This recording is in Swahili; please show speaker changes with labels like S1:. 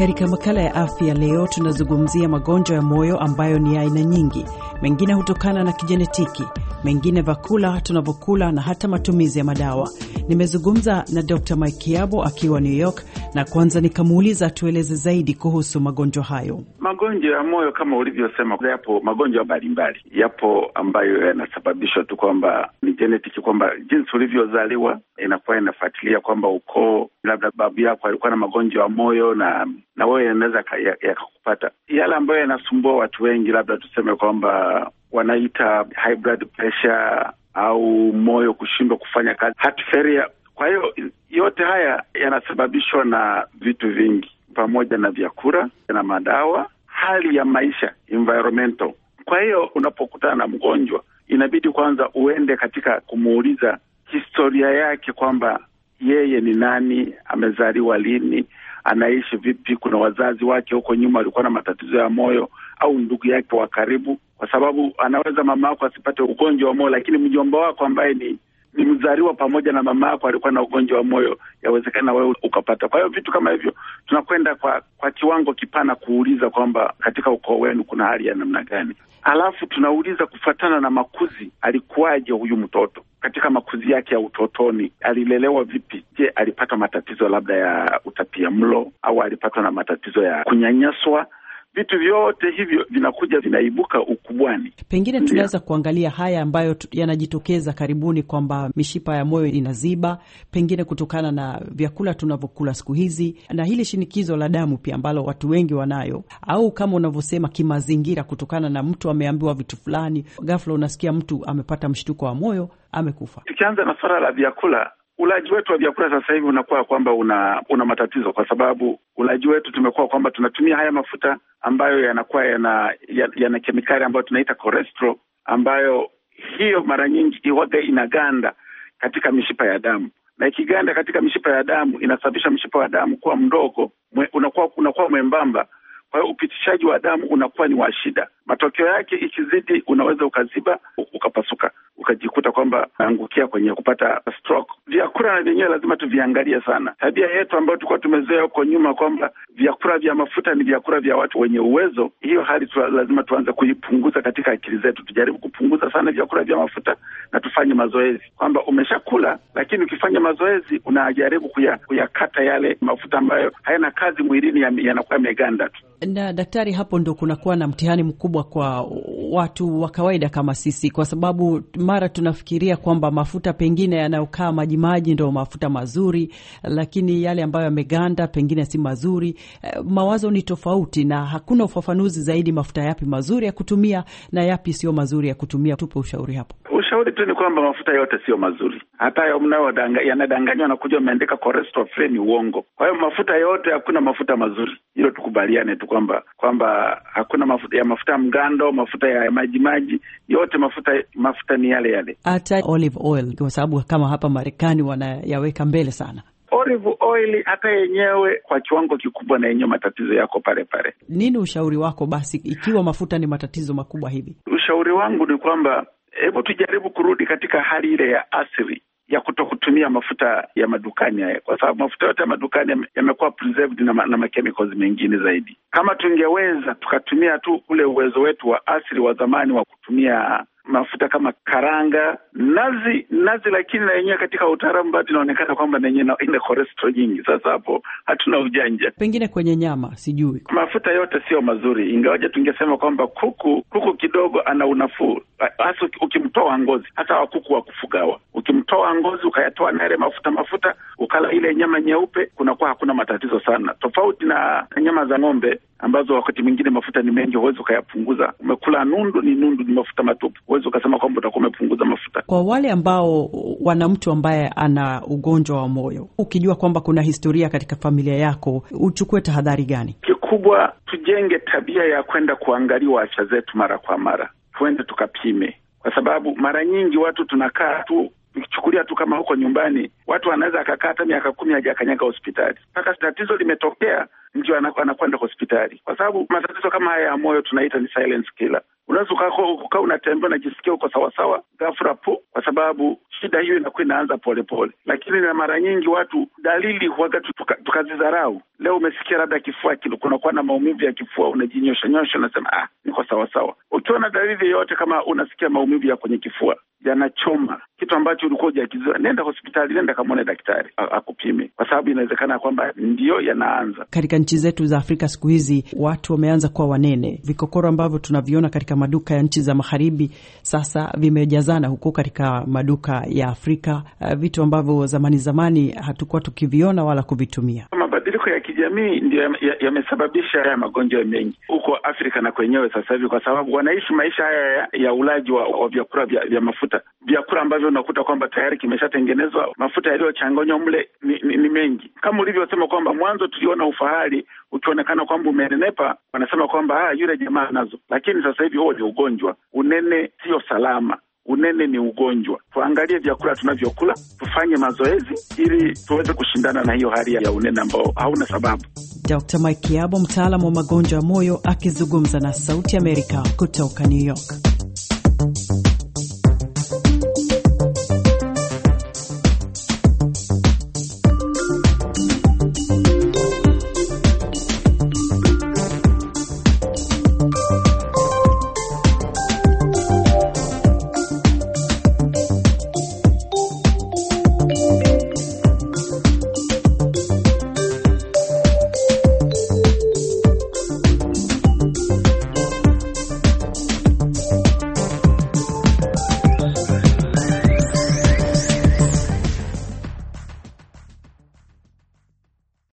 S1: Katika makala ya afya leo, tunazungumzia magonjwa ya moyo ambayo ni aina nyingi, mengine hutokana na kijenetiki, mengine vyakula tunavyokula na hata matumizi ya madawa. Nimezungumza na Dr. Mike Kiabo akiwa New York na kwanza nikamuuliza tueleze zaidi kuhusu magonjwa hayo.
S2: Magonjwa ya moyo kama ulivyosema, yapo magonjwa mbalimbali, yapo ambayo yanasababishwa tu kwamba ni genetic, kwamba jinsi ulivyozaliwa inakuwa inafuatilia kwamba ukoo, labda babu yako alikuwa na magonjwa ya moyo na na wewe yanaweza yakakupata. Yale ambayo yanasumbua watu wengi, labda tuseme kwamba wanaita high blood pressure au moyo kushindwa kufanya kazi, heart failure. Kwa hiyo yote haya yanasababishwa na vitu vingi, pamoja na vyakula na madawa, hali ya maisha environmental. Kwa hiyo unapokutana na mgonjwa, inabidi kwanza uende katika kumuuliza historia yake, kwamba yeye ni nani, amezaliwa lini, anaishi vipi, kuna wazazi wake huko nyuma walikuwa na matatizo ya moyo au ndugu yake wa karibu kwa sababu anaweza mama yako asipate ugonjwa wa moyo, lakini mjomba wako ambaye ni ni mzariwa pamoja na mama yako alikuwa na ugonjwa wa moyo, yawezekana wewe ukapata. Kwa hiyo vitu kama hivyo tunakwenda kwa kwa kiwango kipana kuuliza kwamba katika ukoo wenu kuna hali ya namna gani, alafu tunauliza kufuatana na makuzi. Alikuwaje huyu mtoto katika makuzi yake ya utotoni? Alilelewa vipi? Je, alipata matatizo labda ya utapia mlo au alipatwa na matatizo ya kunyanyaswa vitu vyote hivyo vinakuja vinaibuka ukubwani.
S1: Pengine tunaweza kuangalia haya ambayo yanajitokeza karibuni, kwamba mishipa ya moyo inaziba, pengine kutokana na vyakula tunavyokula siku hizi, na hili shinikizo la damu pia ambalo watu wengi wanayo, au kama unavyosema kimazingira, kutokana na mtu ameambiwa vitu fulani, ghafla unasikia mtu amepata mshtuko wa moyo, amekufa.
S2: Tukianza na suala la vyakula ulaji wetu wa vyakula sasa hivi unakuwa kwamba una una matatizo, kwa sababu ulaji wetu tumekuwa kwamba tunatumia haya mafuta ambayo yanakuwa yana yana kemikali ambayo tunaita cholesterol, ambayo hiyo mara nyingi iwaga inaganda katika mishipa ya damu, na ikiganda katika mishipa ya damu inasababisha mshipa wa damu kuwa mdogo, unakuwa unakuwa mwembamba kwa hiyo upitishaji wa damu unakuwa ni wa shida. Matokeo yake ikizidi, unaweza ukaziba ukapasuka, ukajikuta kwamba naangukia kwenye kupata stroke. Vyakula na vyenyewe lazima tuviangalie sana. Tabia yetu ambayo tulikuwa tumezoea huko nyuma kwamba vyakula vya mafuta ni vyakula vya watu wenye uwezo, hiyo hali tu lazima tuanze kuipunguza katika akili zetu, tujaribu kupunguza sana vyakula vya mafuta na tufanye mazoezi, kwamba umeshakula, lakini ukifanya mazoezi unajaribu kuyakata kuya yale mafuta ambayo hayana kazi mwilini, yanakuwa yameganda tu
S1: na daktari, hapo ndo kunakuwa na mtihani mkubwa kwa watu wa kawaida kama sisi, kwa sababu mara tunafikiria kwamba mafuta pengine yanayokaa majimaji ndo mafuta mazuri, lakini yale ambayo yameganda pengine si mazuri. Eh, mawazo ni tofauti, na hakuna ufafanuzi zaidi mafuta yapi mazuri ya kutumia na yapi sio mazuri ya kutumia. Tupe ushauri hapo.
S2: Ushauri tu ni kwamba mafuta yote sio mazuri, hata hayo mnayo yanadanganywa na kuja ameandika cholesterol free ni uongo. Kwa hiyo mafuta yote, hakuna mafuta mazuri, hilo tukubaliane tu kwamba kwamba hakuna mafuta ya mafuta ya mgando, mafuta ya maji maji yote mafuta mafuta ni yale yale,
S1: hata olive oil, kwa sababu kama hapa Marekani wanayaweka mbele sana
S2: olive oil hata yenyewe kwa kiwango kikubwa, na yenyewe matatizo yako pale pale.
S1: Nini ushauri wako basi, ikiwa mafuta ni matatizo makubwa hivi?
S2: Ushauri wangu ni kwamba hebu tujaribu kurudi katika hali ile ya asili ya kuto kutumia mafuta ya madukani haya, kwa sababu mafuta yote ya madukani yamekuwa preserved na, ma, na machemicals mengine zaidi. Kama tungeweza tukatumia tu ule uwezo wetu wa asili wa zamani wa kutumia mafuta kama karanga, nazi, nazi lakini na yenyewe katika utaalamu bado inaonekana kwamba na yenyewe ina cholesterol nyingi. Sasa hapo hatuna ujanja,
S1: pengine kwenye nyama, sijui.
S2: Mafuta yote sio mazuri, ingawaje tungesema kwamba kuku, kuku kidogo ana unafuu, hasa ukimtoa ngozi, hata wa kuku wa kufugawa ukimtoa ngozi ukayatoa na yale mafuta mafuta, ukala ile nyama nyeupe, kunakuwa hakuna matatizo sana, tofauti na nyama za ng'ombe ambazo wakati mwingine mafuta ni mengi, huwezi ukayapunguza. Umekula nundu, ni nundu, ni mafuta matupu, huwezi ukasema kwamba utakuwa umepunguza mafuta.
S1: Kwa wale ambao wana mtu ambaye ana ugonjwa wa moyo, ukijua kwamba kuna historia katika familia yako, uchukue tahadhari gani?
S2: Kikubwa tujenge tabia ya kwenda kuangaliwa afya zetu mara kwa mara, tuende tukapime, kwa sababu mara nyingi watu tunakaa tu Nikichukulia tu kama huko nyumbani, watu wanaweza akakaa hata miaka kumi hajakanyaga hospitali mpaka tatizo limetokea ndio anakwenda hospitali, kwa sababu matatizo kama haya ya moyo tunaita ni silent killer unaweza ukaa unatembea unajisikia uko sawasawa, ghafla po, kwa sababu shida hiyo inakuwa inaanza polepole, lakini na mara nyingi watu dalili huaga tukazidharau, tuka leo umesikia labda kifua kilo, kunakuwa na maumivu ya kifua, unajinyosha nyosha, unasema ah, niko sawasawa. Ukiona dalili yoyote kama unasikia maumivu ya kwenye kifua yanachoma kitu ambacho ulikuwa hujakizua, nenda hospitali, nenda kamwone daktari akupime, kwa sababu inawezekana kwamba ndiyo yanaanza.
S1: Katika nchi zetu za Afrika siku hizi watu wameanza kuwa wanene, vikokoro ambavyo tunaviona katika maduka ya nchi za magharibi sasa vimejazana huko katika maduka ya Afrika, eh, vitu ambavyo zamani zamani hatukuwa tukiviona wala kuvitumia
S2: mabadiliko ya kijamii ndio yamesababisha ya haya magonjwa mengi huko Afrika na kwenyewe sasa hivi, kwa sababu wanaishi maisha haya ya, ya ulaji wa, wa vyakula vya, vya mafuta, vyakula ambavyo unakuta kwamba tayari kimeshatengenezwa, mafuta yaliyochanganywa mle ni, ni, ni mengi, kama ulivyosema kwamba mwanzo tuliona ufahari ukionekana kwamba umenenepa, wanasema kwamba ah, yule jamaa nazo, lakini sasa hivi huo ni ugonjwa. Unene sio salama. Unene ni ugonjwa. Tuangalie vyakula tunavyokula, tufanye mazoezi ili tuweze kushindana na hiyo hali ya unene ambao hauna sababu.
S1: Dr. Mike Kiabo, mtaalamu wa magonjwa ya moyo, akizungumza na Sauti Amerika kutoka New York.